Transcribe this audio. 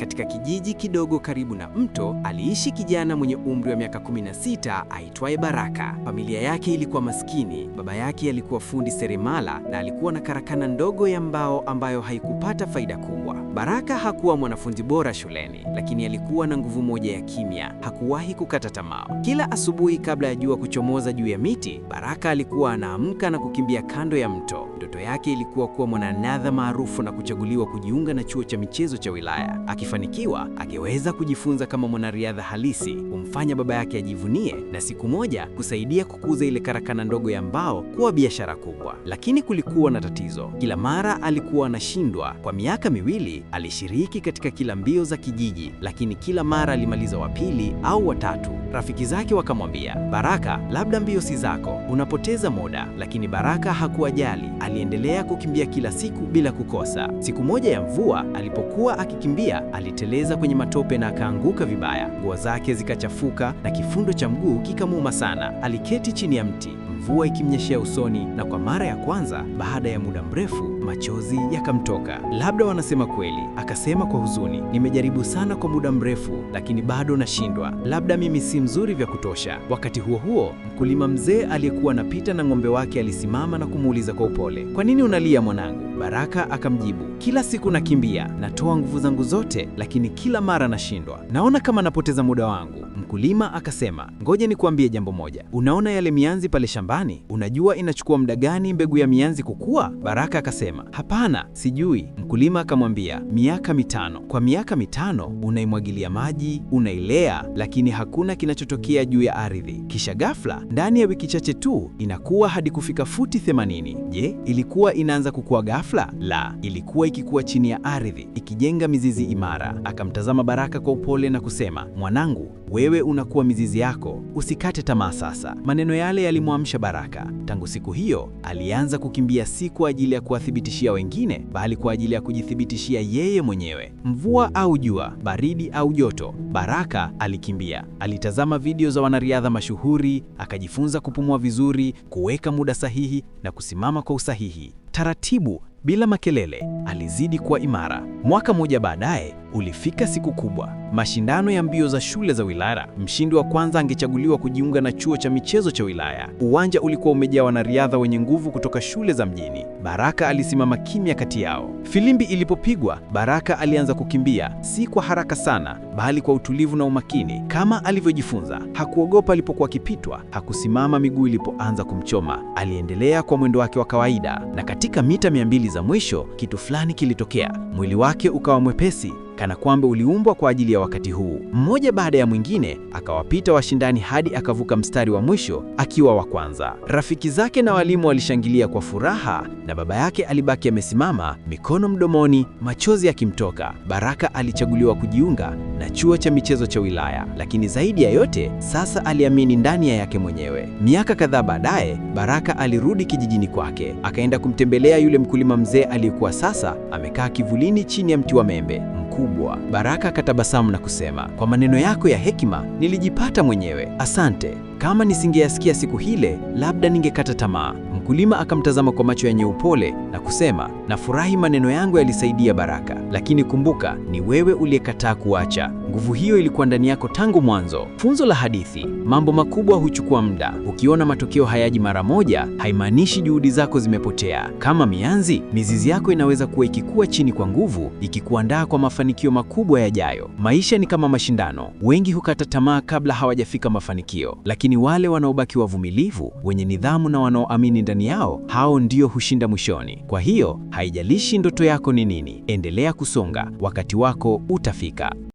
Katika kijiji kidogo karibu na mto, aliishi kijana mwenye umri wa miaka 16 aitwaye Baraka. Familia yake ilikuwa maskini. Baba yake alikuwa fundi seremala na alikuwa na karakana ndogo ya mbao ambayo haikupata faida kubwa. Baraka hakuwa mwanafunzi bora shuleni, lakini alikuwa na nguvu moja ya kimya. Hakuwahi kukata tamaa. Kila asubuhi kabla ya jua kuchomoza juu ya miti, Baraka alikuwa anaamka na kukimbia kando ya mto. Ndoto yake ilikuwa kuwa mwananadha maarufu na kuchaguliwa kujiunga na chuo cha michezo cha wilaya. Akifanikiwa, angeweza kujifunza kama mwanariadha halisi, kumfanya baba yake ajivunie na siku moja kusaidia kukuza ile karakana ndogo ya mbao kuwa biashara kubwa. Lakini kulikuwa na tatizo. Kila mara alikuwa anashindwa. Kwa miaka miwili alishiriki katika kila mbio za kijiji, lakini kila mara alimaliza wa pili au watatu. Rafiki zake wakamwambia, Baraka, labda mbio si zako, unapoteza muda. Lakini Baraka hakuwajali, aliendelea kukimbia kila siku bila kukosa. Siku moja ya mvua, alipokuwa akikimbia, aliteleza kwenye matope na akaanguka vibaya. Nguo zake zikachafuka na kifundo cha mguu kikamuuma sana. Aliketi chini ya mti, mvua ikimnyeshea usoni, na kwa mara ya kwanza baada ya muda mrefu Machozi yakamtoka. Labda wanasema kweli, akasema kwa huzuni, nimejaribu sana kwa muda mrefu, lakini bado nashindwa. Labda mimi si mzuri vya kutosha. Wakati huo huo, mkulima mzee aliyekuwa anapita na ng'ombe wake alisimama na kumuuliza kwa upole, kwa nini unalia mwanangu? Baraka akamjibu, kila siku nakimbia, natoa nguvu zangu zote, lakini kila mara nashindwa. Naona kama napoteza muda wangu. Mkulima akasema, ngoja nikuambie jambo moja. Unaona yale mianzi pale shambani? Unajua inachukua muda gani mbegu ya mianzi kukua? Baraka akasema akasema, hapana, sijui. Mkulima akamwambia, miaka mitano. Kwa miaka mitano unaimwagilia maji, unailea, lakini hakuna kinachotokea juu ya ardhi. Kisha ghafla ndani ya wiki chache tu inakuwa hadi kufika futi 80. Je, ilikuwa inaanza kukua ghafla? La, ilikuwa ikikuwa chini ya ardhi, ikijenga mizizi imara. Akamtazama Baraka kwa upole na kusema, mwanangu wewe unakuwa mizizi yako, usikate tamaa sasa. Maneno yale yalimwamsha Baraka. Tangu siku hiyo alianza kukimbia, si kwa ajili ya kuwathibitishia wengine, bali kwa ajili ya kujithibitishia yeye mwenyewe. Mvua au jua, baridi au joto, Baraka alikimbia. Alitazama video za wanariadha mashuhuri, akajifunza kupumua vizuri, kuweka muda sahihi na kusimama kwa usahihi. Taratibu bila makelele, alizidi kuwa imara. Mwaka mmoja baadaye Ulifika siku kubwa, mashindano ya mbio za shule za wilaya. Mshindi wa kwanza angechaguliwa kujiunga na chuo cha michezo cha wilaya. Uwanja ulikuwa umejaa wanariadha wenye nguvu kutoka shule za mjini. Baraka alisimama kimya kati yao. Filimbi ilipopigwa, Baraka alianza kukimbia, si kwa haraka sana, bali kwa utulivu na umakini kama alivyojifunza. Hakuogopa alipokuwa akipitwa, hakusimama miguu ilipoanza kumchoma. Aliendelea kwa mwendo wake wa kawaida, na katika mita mia mbili za mwisho kitu fulani kilitokea. Mwili wake ukawa mwepesi kana kwamba uliumbwa kwa ajili ya wakati huu. Mmoja baada ya mwingine akawapita washindani hadi akavuka mstari wa mwisho akiwa wa kwanza. Rafiki zake na walimu walishangilia kwa furaha, na baba yake alibaki amesimama, mikono mdomoni, machozi yakimtoka. Baraka alichaguliwa kujiunga na chuo cha michezo cha wilaya, lakini zaidi ya yote sasa aliamini ndani ya yake mwenyewe. Miaka kadhaa baadaye, Baraka alirudi kijijini kwake, akaenda kumtembelea yule mkulima mzee aliyekuwa sasa amekaa kivulini chini ya mti wa membe kubwa. Baraka akatabasamu na kusema, kwa maneno yako ya hekima nilijipata mwenyewe, asante. Kama nisingeyasikia siku hile, labda ningekata tamaa. Mkulima akamtazama kwa macho yenye upole na kusema, nafurahi maneno yangu yalisaidia Baraka, lakini kumbuka, ni wewe uliyekataa kuacha. Nguvu hiyo ilikuwa ndani yako tangu mwanzo. Funzo la hadithi: mambo makubwa huchukua muda. Ukiona matokeo hayaji mara moja, haimaanishi juhudi zako zimepotea. Kama mianzi, mizizi yako inaweza kuwa ikikua chini kwa nguvu, ikikuandaa kwa mafanikio makubwa yajayo. Maisha ni kama mashindano. Wengi hukata tamaa kabla hawajafika mafanikio, lakini wale wanaobaki wavumilivu, wenye nidhamu na wanaoamini ndani imani yao, hao ndio hushinda mwishoni. Kwa hiyo haijalishi ndoto yako ni nini, endelea kusonga, wakati wako utafika.